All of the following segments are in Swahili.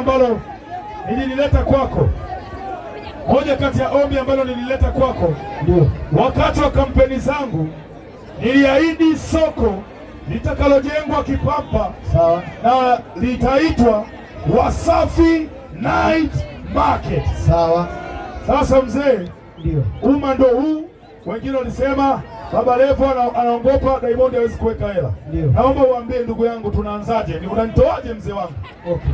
ambalo nililileta kwako, moja kati ya ombi ambalo nilileta kwako, ndio wakati wa kampeni zangu niliahidi soko litakalojengwa Kipampa, sawa, na litaitwa Wasafi Night Market, sawa. Sasa mzee, ndio umma ndo huu, wengine walisema Baba Levo anaongopa, Diamond hawezi kuweka hela. Naomba uambie ndugu yangu tunaanzaje? Unanitoaje mzee wangu? Okay.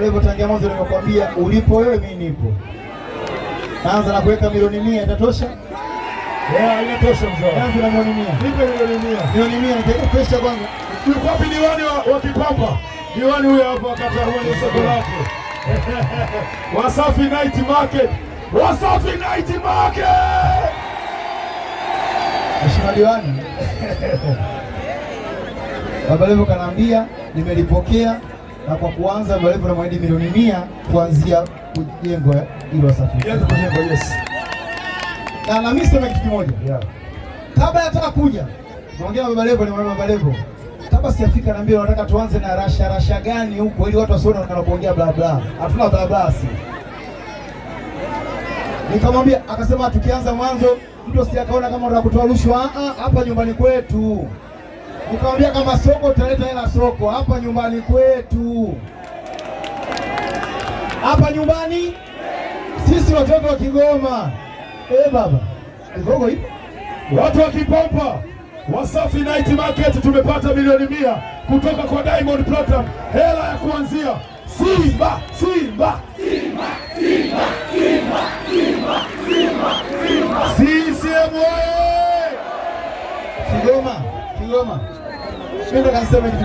alivyotangia mwanzo, nimekwambia ulipo wewe, mimi nipo. Naanza na kuweka milioni mia, itatosha? Inatosha mzee. Anza na milioni mia. Nipe milioni mia. Milioni mia nitaweka pesa kwanza. Ulikuwa diwani wa Kipamba, diwani huyo hapo akata huo ni soko lake. Wasafi Night Market. Wasafi Night Market. Mheshimiwa diwani. Baba leo kanaambia nimelipokea na kwa kuanza malengo na mwadi milioni mia kuanzia kujengwa ili wasafiri na nami sema kitu kimoja yeah. Kabla hata kuja naongea na baba Levo, ni baba Levo kabla sijafika, naambia nataka tuanze na rasha rasha gani huko, ili watu wasione wanapoongea bla bla. Hatuna bla bla, si nikamwambia, akasema tukianza mwanzo mtu asije akaona kama unataka kutoa rushwa. Ah, ah, hapa nyumbani kwetu Nikamwambia kama soko utaleta hela soko, hapa nyumbani kwetu, hapa nyumbani sisi watoto wa Kigoma. Eh baba, Kigogo ipo watu wa Kipompa, Wasafi Night Market tumepata milioni mia kutoka kwa Diamond Platinum, hela ya kuanzia Simba, Simba, Simba, Simba, Simba, Simba, Simba, Simba, Simba. CCM oye! Kigoma, Kigoma. 신뢰 강점을